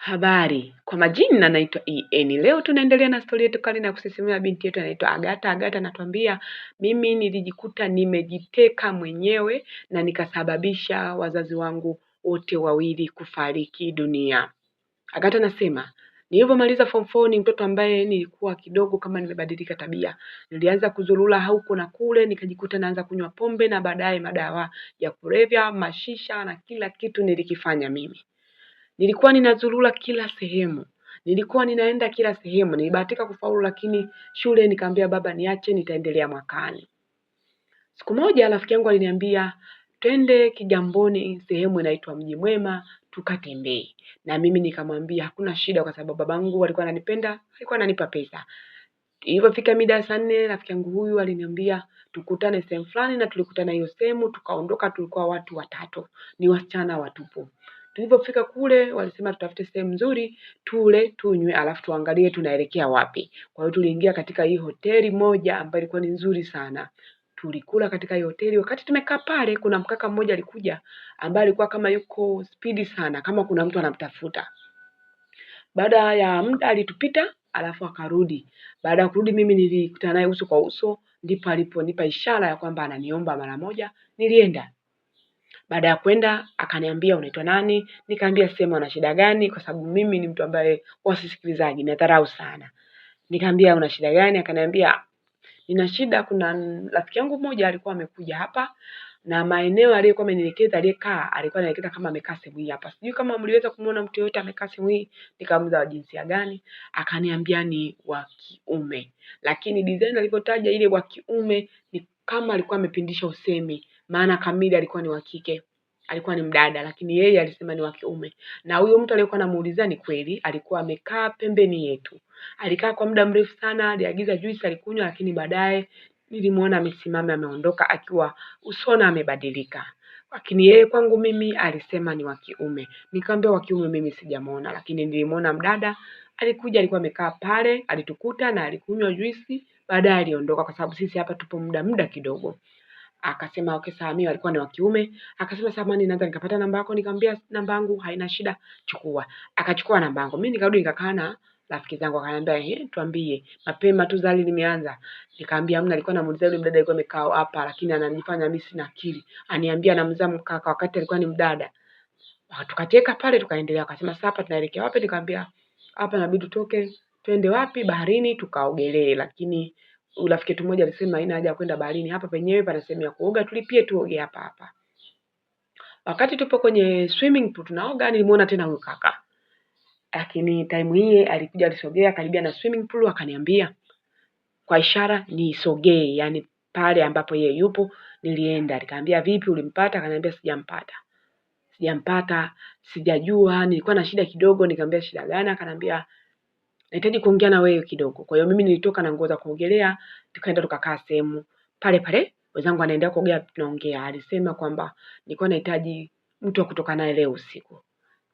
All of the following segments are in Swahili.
Habari, kwa majina naitwa EN. Leo tunaendelea na stori yetu kali na kusisimua. Binti yetu anaitwa Agata. Agata anatuambia mimi nilijikuta nimejiteka mwenyewe na nikasababisha wazazi wangu wote wawili kufariki dunia. Agata anasema nilivyomaliza form four ni mtoto ambaye nilikuwa kidogo kama nimebadilika tabia. Nilianza kuzurura huko na kule, nikajikuta naanza kunywa pombe na baadaye madawa ya kulevya, mashisha na kila kitu nilikifanya mimi. Nilikuwa ninazurura kila sehemu, nilikuwa ninaenda kila sehemu. Nilibahatika kufaulu, lakini shule nikaambia baba niache, nitaendelea mwakani. Siku moja rafiki yangu aliniambia twende Kigamboni, sehemu inaitwa Mji Mwema, tukatembee. Na mimi nikamwambia hakuna shida, kwa sababu babangu alikuwa ananipenda, alikuwa ananipa pesa. Ilipofika mida ya saa nne, rafiki yangu huyu aliniambia tukutane sehemu fulani, na tulikutana hiyo sehemu, tukaondoka. Tulikuwa watu watatu, ni wasichana watupu. Tulivyofika kule walisema tutafute sehemu nzuri tule, tunywe, alafu tuangalie tunaelekea wapi. Kwa hiyo tuliingia katika hii hoteli moja ambayo ilikuwa ni nzuri sana. Tulikula katika hii hoteli. Wakati tumekaa pale, kuna mkaka mmoja alikuja ambaye alikuwa kama yuko spidi sana, kama kuna mtu anamtafuta. Baada ya muda alitupita, alafu akarudi. Baada ya kurudi, mimi nilikutana naye uso kwa uso, ndipo aliponipa ishara ya kwamba ananiomba mara moja. Nilienda baada ya kwenda akaniambia unaitwa nani, nikaambia sema una shida gani, kwa sababu mimi ni mtu ambaye wasisikilizaji nadharau sana. Nikaambia una shida gani, akaniambia nina shida, kuna rafiki yangu mmoja alikuwa amekuja hapa na maeneo aliyokuwa amenielekeza aliyekaa alikuwa anaelekeza kama amekaa sehemu hii hapa, sijui kama mliweza kumuona mtu yoyote amekaa sehemu hii. Nikamuuliza wa jinsia gani, akaniambia ni wa kiume, lakini design alivyotaja ile wa kiume ni kama alikuwa amepindisha usemi, maana Kamili alikuwa ni wa kike, alikuwa ni mdada, lakini yeye alisema ni wa kiume. Na huyo mtu aliyekuwa anamuuliza ni kweli, alikuwa amekaa pembeni yetu. Alikaa kwa muda mrefu sana, aliagiza juisi, alikunywa, lakini baadaye nilimuona amesimama, ameondoka akiwa usona amebadilika lakini yeye kwangu mimi alisema ni wa kiume. Nikamwambia wa kiume mimi sijamuona, lakini nilimuona mdada alikuja, alikuwa amekaa pale, alitukuta na alikunywa juisi, baadaye aliondoka, kwa sababu sisi hapa tupo muda muda kidogo. Akasema okay, sawa. Mimi walikuwa ni wa kiume. Akasema samani, naweza nikapata namba yako? Nikamwambia namba yangu haina shida, chukua. Akachukua namba yangu, mimi nikarudi nikakaa na rafiki zangu, akaniambia eh, tuambie mapema tu zali limeanza. Nikamwambia hamna, alikuwa anamuuliza yule mdada alikuwa amekaa hapa, lakini ananifanya mimi sina akili, aniambia anamzaa mkaka, wakati alikuwa ni mdada. Tukateka pale, tukaendelea. Akasema sasa hapa tunaelekea wapi? Nikamwambia hapa inabidi tutoke, twende wapi? Baharini tukaogelee, lakini rafiki yetu mmoja alisema haina haja ya kwenda baharini, hapa penyewe pana sehemu ya kuoga, tulipie tuoge hapa hapa. Wakati tupo kwenye swimming pool tunaoga, nilimuona tena huyo kaka, lakini time hii alikuja, alisogea karibia na swimming pool, akaniambia kwa ishara nisogee, yani pale ambapo yeye yupo. Nilienda, nikamwambia vipi, ulimpata? Akaniambia sijampata, sijampata, sijajua, nilikuwa na shida kidogo. Nikamwambia shida gani? Akaniambia nahitaji kuongea na wewe kidogo. Kwa hiyo mimi nilitoka na nguo za kuogelea, tukaenda tukakaa sehemu pale pale, wenzangu anaendelea kuogelea, tunaongea. Alisema kwamba nilikuwa nahitaji mtu wa kutoka naye leo usiku,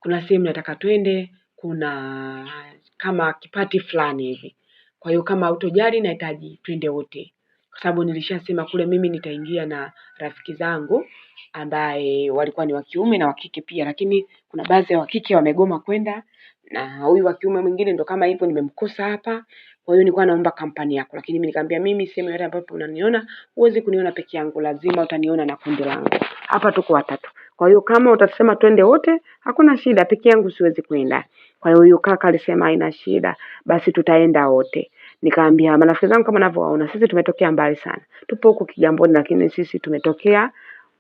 kuna sehemu nataka twende, kuna kama kipati fulani hivi. Kwa hiyo kama utojali, nahitaji twende wote, kwa sababu nilishasema kule mimi nitaingia na rafiki zangu ambaye walikuwa ni wa kiume na wa kike pia, lakini kuna baadhi ya wa kike wamegoma kwenda, na huyu wa kiume mwingine ndo kama hivyo nimemkosa hapa kwa hiyo nilikuwa naomba kampani yako lakini mimi nikamwambia mimi sehemu yote ambapo unaniona huwezi kuniona peke yangu lazima utaniona na kundi langu hapa tuko watatu kwa hiyo kama utasema twende wote hakuna shida peke yangu siwezi kwenda kwa hiyo huyu kaka alisema haina shida basi tutaenda wote nikaambia marafiki zangu kama navyowaona sisi tumetokea mbali sana tupo huko kigamboni lakini sisi tumetokea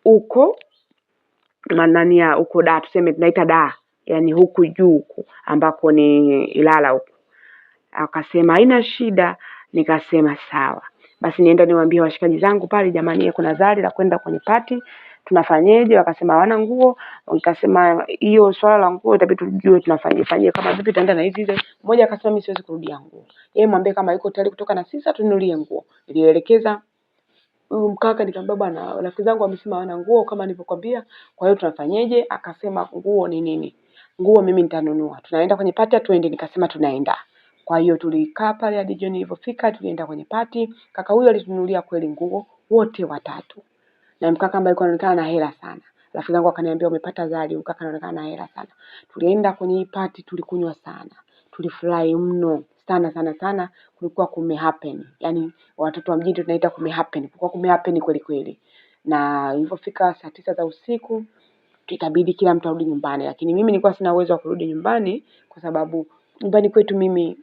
huko manania huko da tuseme tunaita daa yani huku juu huku ambako ni Ilala huku. Akasema haina shida, nikasema sawa. Basi nienda niwaambie washikaji zangu pale, jamani, kuna zari la kwenda kwenye pati tunafanyeje? Wakasema hawana nguo. Nikasema hiyo swala la nguo itabidi tujue tunafanyaje fanyaje, kama vipi, tunaenda na hizi hizi. Mmoja akasema mimi siwezi kurudia nguo, yeye mwambie kama yuko tayari kutoka na sisi atunulie nguo. Nilielekeza huyu mkaka, nikamwambia bwana, rafiki zangu wamesema hawana nguo kama nilivyokuambia, kwa hiyo tunafanyaje? Akasema nguo ni nini? nguo mimi nitanunua, tunaenda kwenye pati, tuende. Nikasema tunaenda. Kwa hiyo tulikaa pale hadi jioni ilivyofika, tulienda kwenye pati. Kaka huyo alitunulia kweli nguo wote watatu, na mkaka ambaye alikuwa anaonekana na hela sana. Rafiki zangu akaniambia umepata zari, mkaka anaonekana na hela sana. Tulienda kwenye hii pati, tulikunywa sana, tulifurahi mno sana sana sana, kulikuwa kume happen. yani watoto wa mjini tunaita kume happen, kulikuwa kume happen kweli kweli. Na ilipofika saa tisa za usiku itabidi kila mtu arudi nyumbani, lakini mimi nilikuwa sina uwezo wa kurudi nyumbani kwa sababu nyumbani kwetu mimi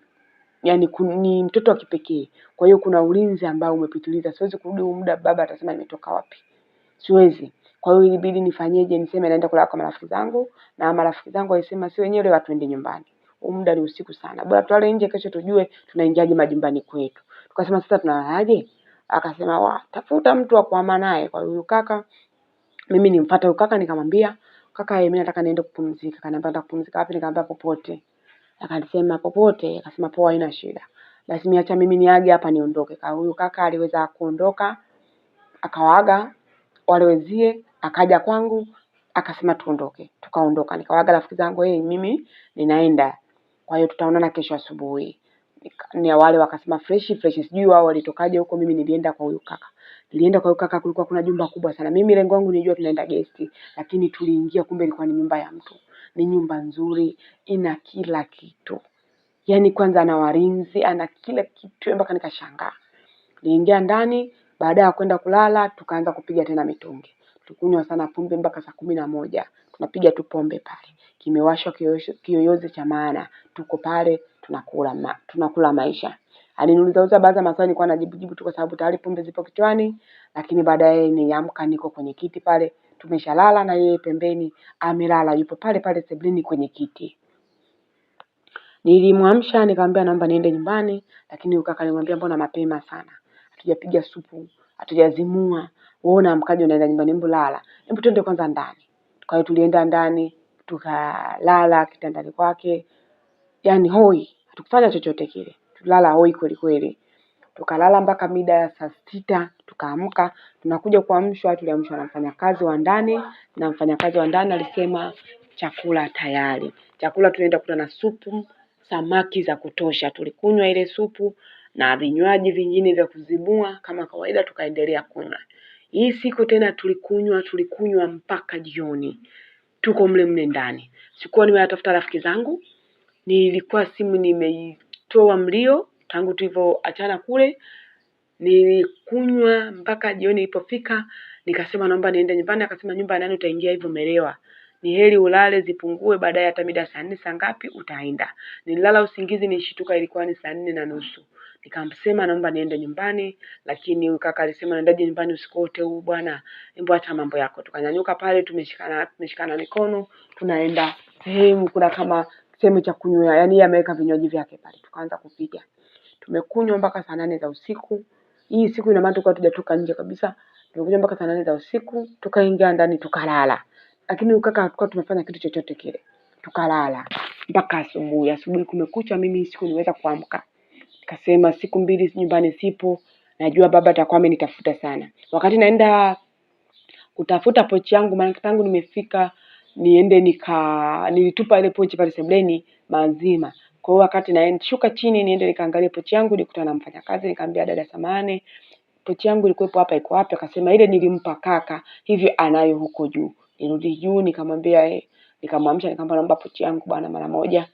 yani ni mtoto wa kipekee. Kwa hiyo kuna ulinzi ambao umepitiliza, siwezi kurudi huu muda, baba atasema nimetoka wapi, siwezi. Kwa hiyo ilibidi nifanyeje? Niseme naenda kulala kwa marafiki zangu, na marafiki zangu walisema si wenyewe watu waende nyumbani, huu muda ni usiku sana, bora tulale nje, kesho tujue tunaingiaje majumbani kwetu. Tukasema sasa tunalalaje? Akasema wa tafuta mtu wa kuhama naye. Kwa hiyo kaka mimi nimfuata huyo kaka nikamwambia, kaka, mimi nataka niende kupumzika. Akaniambia nataka kupumzika wapi? Nikamwambia popote. Akasema popote, akasema poa, haina shida. Lazima acha mimi niage hapa niondoke. Kwa huyo kaka aliweza kuondoka, akawaaga wale wenzie, akaja kwangu, akasema tuondoke. Tukaondoka. Nikawaaga rafiki zangu, yeye mimi ninaenda. Kwa hiyo tutaonana kesho asubuhi. Ni wale wakasema fresh fresh, sijui wao walitokaje huko, mimi nilienda kwa huyo kaka. Tulienda kwa kaka, kulikuwa kuna jumba kubwa sana. Mimi lengo langu nilijua tunaenda gesti, lakini tuliingia, kumbe ilikuwa ni nyumba ya mtu. Ni nyumba nzuri, ina kila kitu, yaani kwanza ana walinzi, ana kila kitu, mpaka nikashangaa. Niliingia ndani, baada ya kwenda kulala, tukaanza kupiga tena mitungi. Tukunywa sana pombe mpaka saa kumi na moja, tunapiga tu pombe pale, kimewashwa kiyoyozi cha maana, tuko pale tunakula ma, tunakula maisha. Aliniuliza uliza baadhi ya maswali nilikuwa jibu tu kwa sababu tayari pombe zipo kichwani, lakini baadaye niamka niko kwenye kiti pale, tumeshalala na yeye pembeni amelala, yupo pale pale sebuleni kwenye kiti. Nilimwamsha nikamwambia naomba niende nyumbani, lakini huyu kaka alimwambia mbona mapema sana, hatujapiga supu, hatujazimua, wewe unaamkaje unaenda nyumbani? Hebu lala, hebu twende kwanza ndani. Kwa hiyo tulienda ndani tukalala kitandani kwake, yani hoi, hatukufanya chochote kile tulala hoi kweli kweli, tukalala mpaka mida ya saa sita tukaamka. Tunakuja kuamshwa, tuliamshwa na mfanyakazi wa ndani, na mfanyakazi wa ndani alisema chakula tayari. Chakula tunaenda kuta na supu, samaki za kutosha. Tulikunywa ile supu na vinywaji vingine vya kuzibua kama kawaida, tukaendelea kunywa. Hii siku tena tulikunywa tulikunywa mpaka jioni, tuko mle mle ndani. Sikuwa nimewatafuta rafiki zangu, nilikuwa simu nimei kutoa mlio tangu tulivyoachana kule. Nilikunywa mpaka jioni ilipofika, nikasema naomba niende nyumbani. Akasema nyumba ya nani utaingia hivyo umelewa, ni heri ulale zipungue, baadaye hata mida saa nne saa ngapi utaenda. Nililala usingizi, nishituka ilikuwa ni saa nne na nusu. Nikamsema naomba niende nyumbani, lakini huyu kaka alisema naendaje nyumbani usiku wote huu bwana, embo acha mambo yako. Tukanyanyuka pale, tumeshikana tumeshikana mikono, tunaenda sehemu kuna kama tuseme cha kunywa, yani yeye ameweka vinywaji vyake pale, tukaanza kupiga, tumekunywa mpaka saa nane za usiku. Hii siku ina maana tulikuwa tujatoka nje kabisa, tumekunywa mpaka saa nane za usiku, tukaingia ndani tukalala, lakini ukaka hatukuwa tumefanya kitu chochote kile, tukalala mpaka asubuhi. Asubuhi kumekucha, mimi siku niweza kuamka, nikasema siku mbili nyumbani sipo, najua baba atakuwa amenitafuta sana. Wakati naenda kutafuta pochi yangu, maana tangu nimefika niende nika nilitupa ile pochi pale sebleni mazima. Kwa hiyo wakati nashuka chini niende nikaangalia pochi yangu, nikutana na mfanyakazi nikamwambia, dada, samahani, pochi yangu ilikuwepo hapa, iko wapi? Akasema ile nilimpa kaka, hivyo anayo huko juu. Nirudi juu nikamwambia eh, nikamwamsha nikamwambia, naomba pochi yangu bwana, mara moja.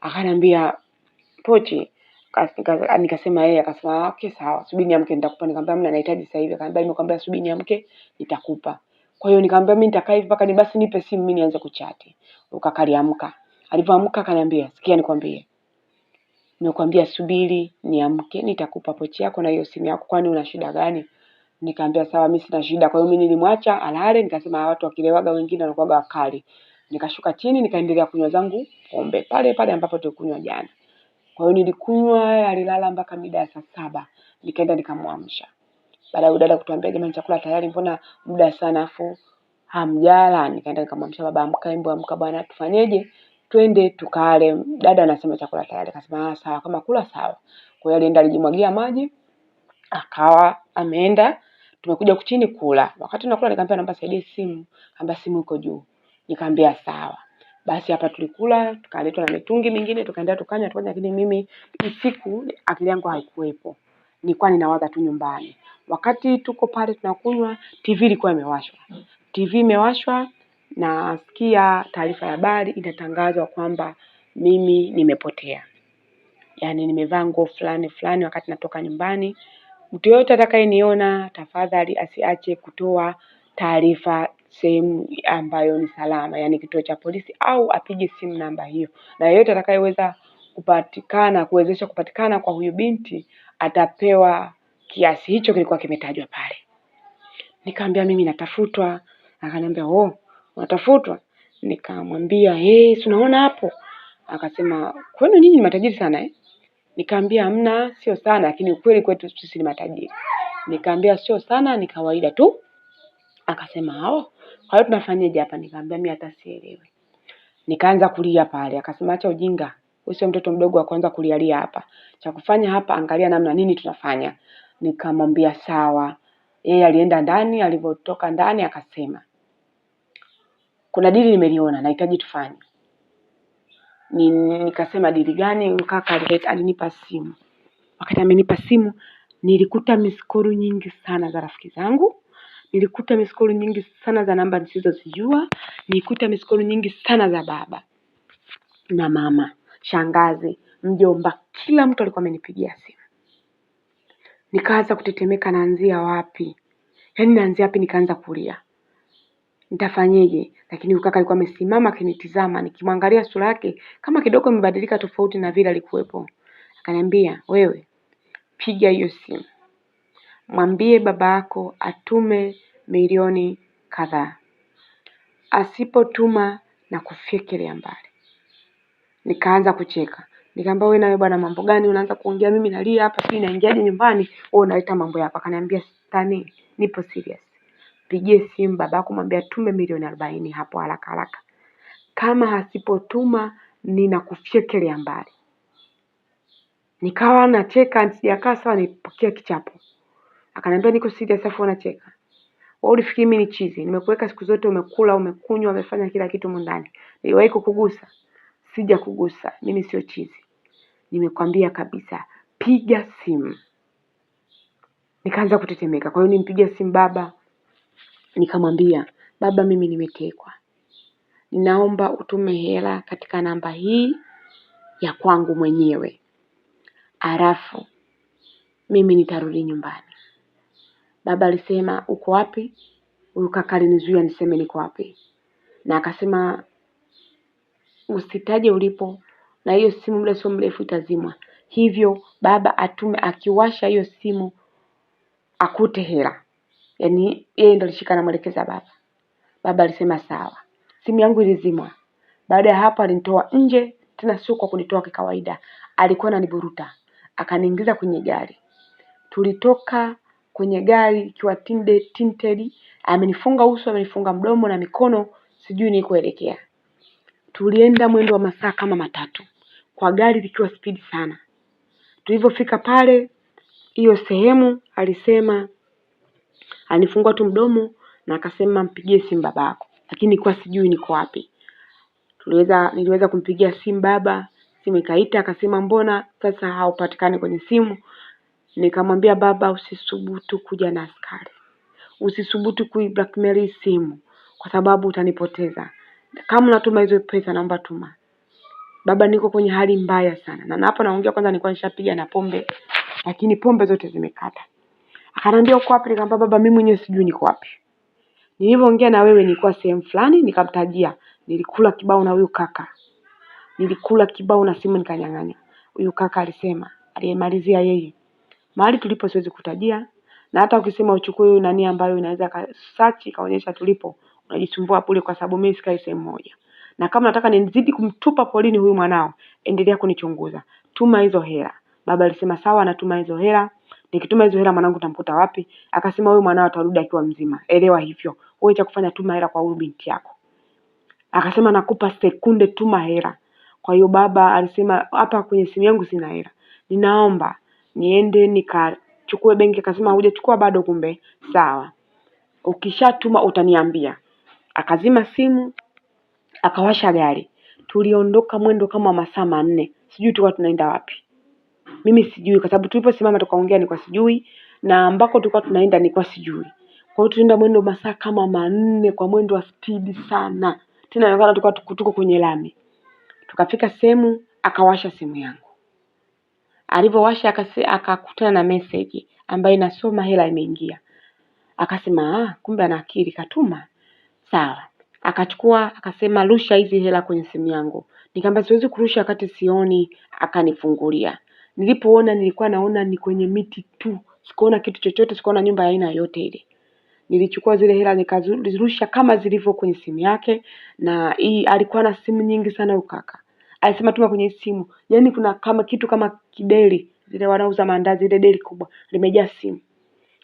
Akaniambia pochi nikasema yeye akasema ah, okay, sawa, subiri niamke nitakupa. Nikamwambia mna nahitaji sasa hivi. Akaniambia nimekwambia subiri niamke nitakupa. Kwa hiyo nikamwambia mimi nitakaa hivi mpaka ni basi nipe simu mimi nianze kuchati. Ukakaliamka. Alipoamka akaniambia, "Sikia nikwambie. Nimekwambia subiri niamke, nitakupa pochi yako na hiyo simu yako kwani una shida gani?" Nikamwambia, sawa, mimi sina shida. Kwa hiyo mimi nilimwacha alale, nikasema watu wakilewaga wengine wanakuwaga wakali. Nikashuka chini nikaendelea kunywa zangu pombe pale pale ambapo tulikunywa jana. Kwa hiyo nilikunywa, alilala mpaka mida ya saa saba. Nikaenda nikamwamsha baada ya dada kutuambia jamani, chakula tayari, mbona muda sana afu hamjala? Nikaenda nikamwambia baba, amka embo, amka bwana, tufanyeje? Twende tukale. Dada anasema chakula tayari. Akasema ah, sawa, kama kula sawa. Kwa hiyo alienda, alijimwagia maji, akawa ameenda. Tumekuja kuchini kula, wakati tunakula nikamwambia naomba saidie simu, kamba simu iko juu, nikamwambia sawa. Basi hapa tulikula tukaletwa na mitungi mingine, tukaenda tukanywa tukanywa, lakini mimi siku akili yangu haikuwepo nilikuwa ninawaza tu nyumbani. Wakati tuko pale tunakunywa, TV ilikuwa imewashwa. TV imewashwa, nasikia taarifa ya habari inatangazwa kwamba mimi nimepotea, yaani nimevaa nguo fulani fulani wakati natoka nyumbani. Mtu yoyote atakayeniona tafadhali asiache kutoa taarifa sehemu ambayo ni salama, yaani kituo cha polisi au apige simu namba hiyo, na yeyote atakayeweza kupatikana kuwezesha kupatikana kwa huyu binti atapewa kiasi hicho kilikuwa kimetajwa pale. nikaambia mimi natafutwa. Akaniambia oh, unatafutwa? Nikamwambia hey, eh, si unaona hapo? Akasema kwenu nyinyi ni matajiri sana eh? Nikamwambia hamna, sio sana, lakini ukweli kwetu sisi ni matajiri. Nikamwambia sio sana, ni kawaida tu. Akasema hao, kwa hiyo tunafanyaje hapa? Nikamwambia mimi hata sielewi. Nikaanza kulia pale, akasema acha ujinga, usiwe mtoto mdogo wa kwanza kulialia hapa. Cha kufanya hapa, angalia namna nini tunafanya. Nikamwambia sawa. Yeye alienda ndani, alivyotoka ndani akasema kuna dili nimeliona, nahitaji tufanye. Ni, nikasema dili gani? Kaka alinipa simu. Wakati amenipa simu, nilikuta misikoru nyingi sana za rafiki zangu, nilikuta miskoru nyingi sana za namba nisizozijua, nilikuta miskoru nyingi sana za baba na mama shangazi, mjomba, kila mtu alikuwa amenipigia simu. Nikaanza kutetemeka, naanzia wapi? Yaani naanzia wapi? Nikaanza kulia, nitafanyeje? Lakini ukaka alikuwa amesimama akinitizama, nikimwangalia sura yake kama kidogo imebadilika, tofauti na vile alikuwepo. Akaniambia, wewe piga hiyo simu, mwambie baba yako atume milioni kadhaa, asipotuma na kufikiria mbali. Nikaanza kucheka, Nikamwambia wewe nawe bwana mambo gani unaanza kuongea, mimi nalia hapa sijui naingiaje nyumbani, wewe unaleta mambo hapa. Akaniambia Stani, nipo serious, pigie simu babako mwambie atume milioni arobaini hapo haraka haraka, kama hasipotuma ninakufyekelea mbali. Nikawa nacheka sijakaa sawa, nipokea kichapo. Akaniambia niko serious, afu unacheka wewe ulifikiri mimi ni chizi? Nimekuweka siku zote, umekula, umekunywa, umefanya kila kitu mundani, niliwahi kukugusa? sija kugusa mimi sio chizi, nimekwambia kabisa, piga simu. Nikaanza kutetemeka, kwa hiyo nimpiga simu baba, nikamwambia baba, mimi nimetekwa, ninaomba utume hela katika namba hii ya kwangu mwenyewe, alafu mimi nitarudi nyumbani. Baba alisema uko wapi? Huyu kaka alinizuia niseme niko wapi, na akasema usitaje ulipo na hiyo simu muda sio mrefu itazimwa. Hivyo baba atume akiwasha hiyo simu akute hela, yaani yeye ndo alishika anamwelekeza baba. Baba alisema sawa. Simu yangu ilizimwa. Baada ya hapo alinitoa nje, tena sio kwa kunitoa kikawaida, alikuwa ananiburuta, akaniingiza kwenye gari. Tulitoka kwenye gari ikiwa tinted, tinted, amenifunga uso, amenifunga mdomo na mikono, sijui ni kuelekea Tulienda mwendo wa masaa kama matatu kwa gari likiwa spidi sana. Tulivyofika pale hiyo sehemu, alisema alifungua tu mdomo na akasema mpigie simu babako, lakini nilikuwa sijui niko wapi. Tuliweza, niliweza kumpigia simu baba, simu ikaita, akasema mbona sasa haupatikani kwenye simu? Nikamwambia baba, usisubutu kuja na askari, usisubutu kui blackmail simu kwa sababu utanipoteza. Kama unatuma hizo pesa naomba tuma. Baba, niko kwenye hali mbaya sana. Na hapo naongea kwanza, nilikuwa nishapiga na pombe, lakini pombe zote zimekata. Akaniambia uko wapi? Nikamwambia baba, mimi mwenyewe sijui niko wapi. Nilivyoongea na wewe nilikuwa sehemu fulani, nikamtajia nilikula kibao na huyu kaka, nilikula kibao na simu nikanyang'anya. Huyu kaka alisema, aliyemalizia yeye, mahali tulipo siwezi kutajia, na hata ukisema uchukue huyu nani ambayo inaweza ka- search ikaonyesha tulipo, najisumbua bure, kwa sababu mimi sikai sehemu moja, na kama nataka nizidi kumtupa polini huyu mwanao, endelea kunichunguza, tuma hizo hela. Baba alisema sawa, anatuma hizo hela. Nikituma hizo hela mwanangu tamkuta wapi? Akasema huyu mwanao atarudi akiwa mzima, elewa hivyo. Wewe cha kufanya, tuma hela kwa huyu binti yako. Akasema nakupa sekunde, tuma hela. Kwa hiyo baba alisema hapa kwenye simu yangu sina hela, ninaomba niende nikachukue benki. Akasema hujachukua bado? Kumbe sawa, ukishatuma utaniambia akazima simu akawasha gari. Tuliondoka mwendo kama masaa manne, sijui tulikuwa tunaenda wapi. Mimi sijui kwa sababu tuliposimama tukaongea nilikuwa sijui, na ambako tulikuwa tunaenda nilikuwa sijui. Kwa hiyo tulienda mwendo masaa kama manne kwa mwendo wa spidi sana, tena inaonekana tulikuwa tuko kwenye lami. Tukafika sehemu, akawasha simu yangu. Alivyowasha akakutana na message ambayo inasoma hela imeingia, akasema ah, kumbe ana akili, katuma sawa. Akachukua akasema, rusha hizi hela kwenye simu yangu. Nikamba siwezi kurusha wakati sioni. Akanifungulia. Nilipoona nilikuwa naona ni kwenye miti tu, sikuona kitu chochote, sikuona nyumba ya aina yote ile. Nilichukua zile hela nikazirusha kama zilivyo kwenye simu yake, na hii alikuwa na simu nyingi sana ukaka. Alisema tuma kwenye simu, yaani kuna kama kitu kama kideli zile wanauza maandazi, ile deli kubwa limejaa simu.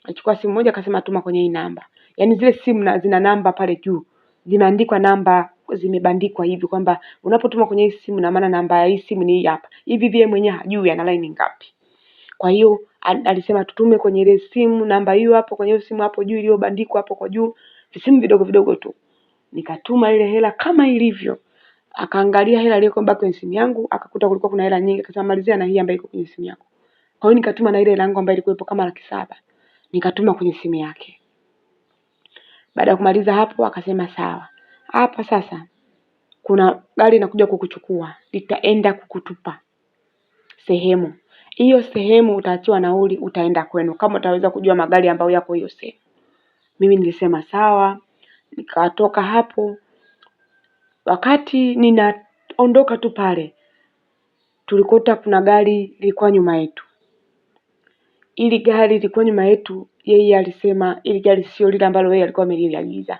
Alichukua simu moja akasema tuma kwenye hii namba yani zile simu na zina namba pale juu zimeandikwa namba zimebandikwa hivi kwamba unapotuma kwenye hii simu na maana namba ya hii simu ni hii hapa. Hivi vile mwenyewe hajui ana line ngapi. Kwa hiyo alisema tutume kwenye ile simu namba hiyo hapo kwenye simu hapo juu iliyobandikwa hapo kwa juu, visimu vidogo vidogo tu. Nikatuma ile hela kama ilivyo. Akaangalia hela iliyokuwa mbaki kwenye simu yangu, akakuta kulikuwa kuna hela nyingi, akasema malizia na hii ambayo iko kwenye simu yako. Kwa hiyo nikatuma na ile hela yangu ambayo ilikuwepo kama laki saba. Nikatuma kwenye simu yake. Baada ya kumaliza hapo akasema sawa, hapa sasa kuna gari inakuja kukuchukua, litaenda kukutupa sehemu hiyo. Sehemu utaachiwa nauli, utaenda kwenu, kama utaweza kujua magari ambayo yako hiyo sehemu. Mimi nilisema sawa, nikatoka hapo. Wakati ninaondoka tu pale, tulikuta kuna gari lilikuwa nyuma yetu. Hili gari lilikuwa nyuma yetu yeye alisema ili gari sio lile ambalo yeye alikuwa ameliagiza.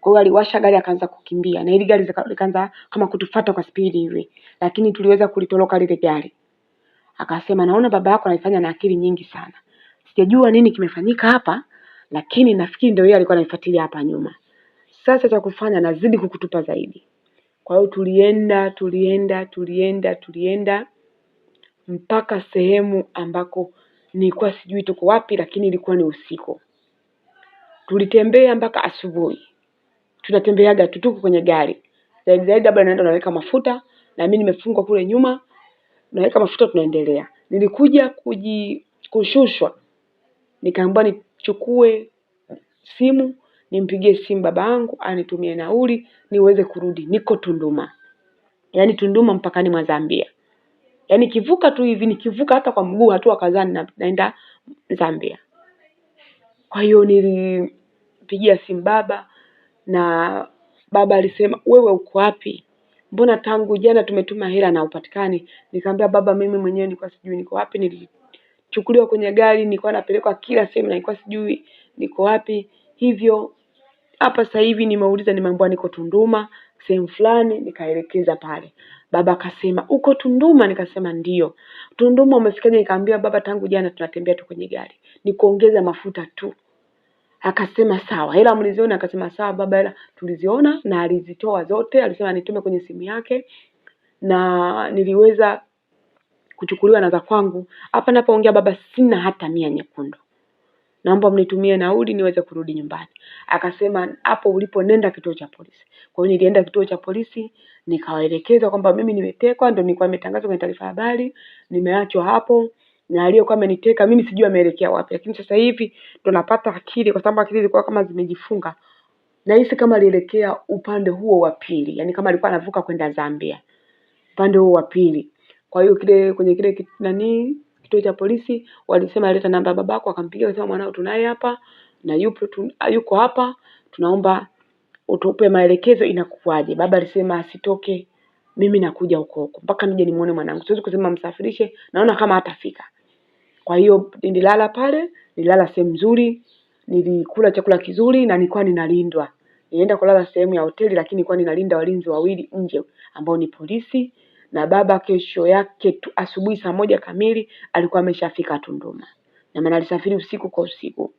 Kwa hiyo aliwasha gari akaanza kukimbia, na ili gari likaanza kama kutufuata kwa spidi hivi, lakini tuliweza kulitoroka lile gari. Akasema, naona baba yako anaifanya na akili nyingi sana, sijajua nini kimefanyika hapa, lakini nafikiri ndio yeye alikuwa anaifuatilia hapa nyuma. Sasa cha kufanya, nazidi kukutupa zaidi. Kwa hiyo tulienda tulienda tulienda tulienda mpaka sehemu ambako nilikuwa sijui tuko wapi, lakini ilikuwa ni usiku. Tulitembea mpaka asubuhi, tunatembeaga tu, tuko kwenye gari zaidi zaidi, labda naenda naweka mafuta na mimi nimefungwa kule nyuma, naweka mafuta, tunaendelea. Nilikuja kuji kushushwa, nikaambiwa nichukue simu nimpigie simu baba yangu anitumie nauli niweze kurudi. Niko Tunduma, yaani Tunduma mpakani mwa Zambia yaani kivuka tu hivi, nikivuka hata kwa mguu hatua kadhaa naenda Zambia. Kwa hiyo nilipigia simu baba na baba alisema, wewe uko wapi? Mbona tangu jana tumetuma hela na upatikani? Nikamwambia baba, mimi mwenyewe nilikuwa sijui niko wapi, nilichukuliwa kwenye gari, nilikuwa napelekwa kila sehemu, nilikuwa sijui niko wapi. Hivyo hapa sasa hivi nimeuliza, nimeambiwa niko Tunduma sehemu fulani, nikaelekeza pale. Baba akasema uko Tunduma? Nikasema ndio. Tunduma umefikaje? Nikamwambia baba, tangu jana tunatembea tu kwenye gari, ni kuongeza mafuta tu. Akasema sawa, hela mliziona? Akasema sawa baba, hela tuliziona na alizitoa zote. Alisema nitume kwenye simu yake na niliweza kuchukuliwa na za kwangu. Hapa napoongea baba, sina hata mia nyekundu, naomba mnitumie nauli niweze kurudi nyumbani. Akasema hapo ulipo nenda kituo cha polisi. Kwa hiyo nilienda kituo cha polisi nikawaelekeza kwamba mimi nimetekwa, ndio nilikuwa nimetangazwa kwenye taarifa habari, nimeachwa hapo na aliyekuwa ameniteka mimi sijui ameelekea wapi, lakini sasa hivi ndo napata akili, kwa sababu akili ilikuwa kama zimejifunga. Nahisi kama alielekea upande huo wa pili, yani kama alikuwa anavuka kwenda Zambia, upande huo wa pili. Kwa hiyo kile kwenye kile nani kituo cha polisi walisema leta namba babako, akampigia akasema, mwanao tunaye hapa na yupo tu, yuko hapa, tunaomba utupe maelekezo inakuwaje. Baba alisema asitoke, mimi nakuja huko huko mpaka nije nimuone mwanangu, siwezi kusema msafirishe, naona kama hatafika. Kwa hiyo nililala pale, nililala sehemu nzuri, nilikula chakula kizuri na nilikuwa ninalindwa. Nilienda kulala sehemu ya hoteli, lakini nilikuwa ninalinda walinzi wawili nje ambao ni polisi. Na baba kesho yake tu asubuhi saa moja kamili alikuwa ameshafika Tunduma, na maana alisafiri usiku kwa usiku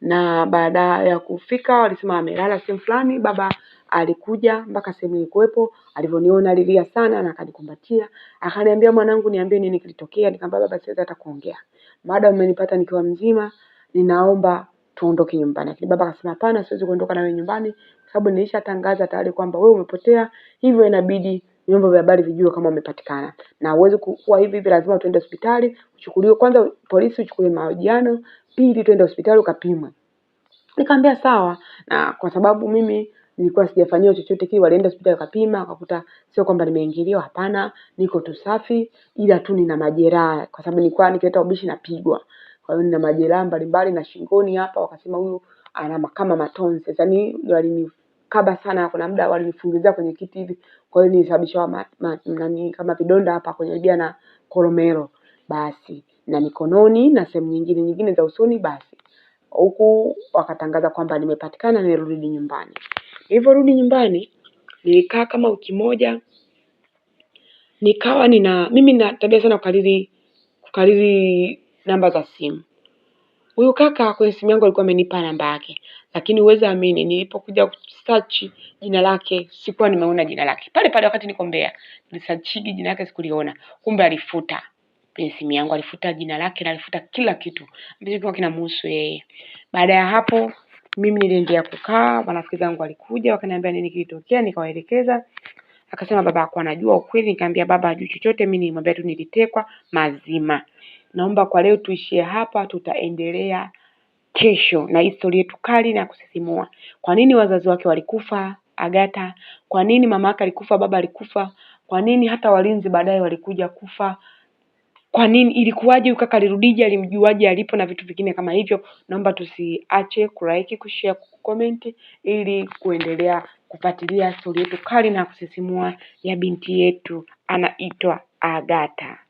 na baada ya kufika walisema amelala sehemu fulani. Baba alikuja mpaka sehemu ilikuwepo, alivyoniona alilia sana na akanikumbatia, akaniambia, mwanangu, niambie nini kilitokea. Nikamwambia baba, siwezi hata kuongea, maada umenipata nikiwa mzima, ninaomba tuondoke nyumbani. Lakini baba akasema, hapana, siwezi kuondoka wewe nyumbani, kwa sababu nilishatangaza tayari kwamba wewe umepotea, hivyo inabidi vyombo vya habari vijue kama umepatikana, na huwezi kuwa hivi hivi, lazima tuende hospitali uchukuliwe kwanza, polisi uchukuliwe mahojiano, pili tuende hospitali ukapimwe. Nikamwambia sawa, na kwa sababu mimi nilikuwa sijafanyiwa chochote kile. Walienda hospitali wakapima, wakakuta sio kwamba nimeingiliwa, hapana, niko tu safi, ila tu nina majeraha, kwa sababu nilikuwa nikileta ubishi napigwa. Kwa hiyo nina majeraha mbalimbali na shingoni hapa, wakasema huyu ana kama matonzi, yaani walini kaba sana, kuna muda walinifungizia kwenye kiti hivi, kwa hiyo nilisababisha nani kama vidonda hapa kwenye bia na koromero basi, na mikononi na sehemu nyingine nyingine za usoni basi huku wakatangaza kwamba nimepatikana, nirudi nyumbani. Nilivyorudi nyumbani, nilikaa kama wiki moja, nikawa nina mimi na tabia sana kukariri kukariri namba za simu. Huyu kaka kwenye simu yangu alikuwa amenipa namba yake, lakini uweze amini, nilipokuja kusearch jina lake sikuwa nimeona jina lake pale pale. Wakati niko Mbeya nilisearch jina lake sikuliona, kumbe alifuta kwenye simu yangu, alifuta jina lake na alifuta kila kitu ambacho kilikuwa kinamhusu yeye. Baada ya hapo mimi niliendelea kukaa, marafiki zangu walikuja wakaniambia nini kilitokea, nikawaelekeza. Akasema baba hakuwa anajua ukweli? Nikamwambia baba hajui chochote, mimi nilimwambia tu nilitekwa mazima. Naomba kwa leo tuishie hapa, tutaendelea kesho na historia yetu kali na kusisimua. Kwa nini wazazi wake walikufa Agata? Kwa nini mama yake alikufa, baba alikufa? Kwa nini hata walinzi baadaye walikuja kufa? Kwa nini ilikuwaje? Kaka alirudije? Alimjuaje alipo? Na vitu vingine kama hivyo. Naomba tusiache kulike, kushare, kukomenti ili kuendelea kufuatilia stori yetu kali na kusisimua ya binti yetu anaitwa Agata.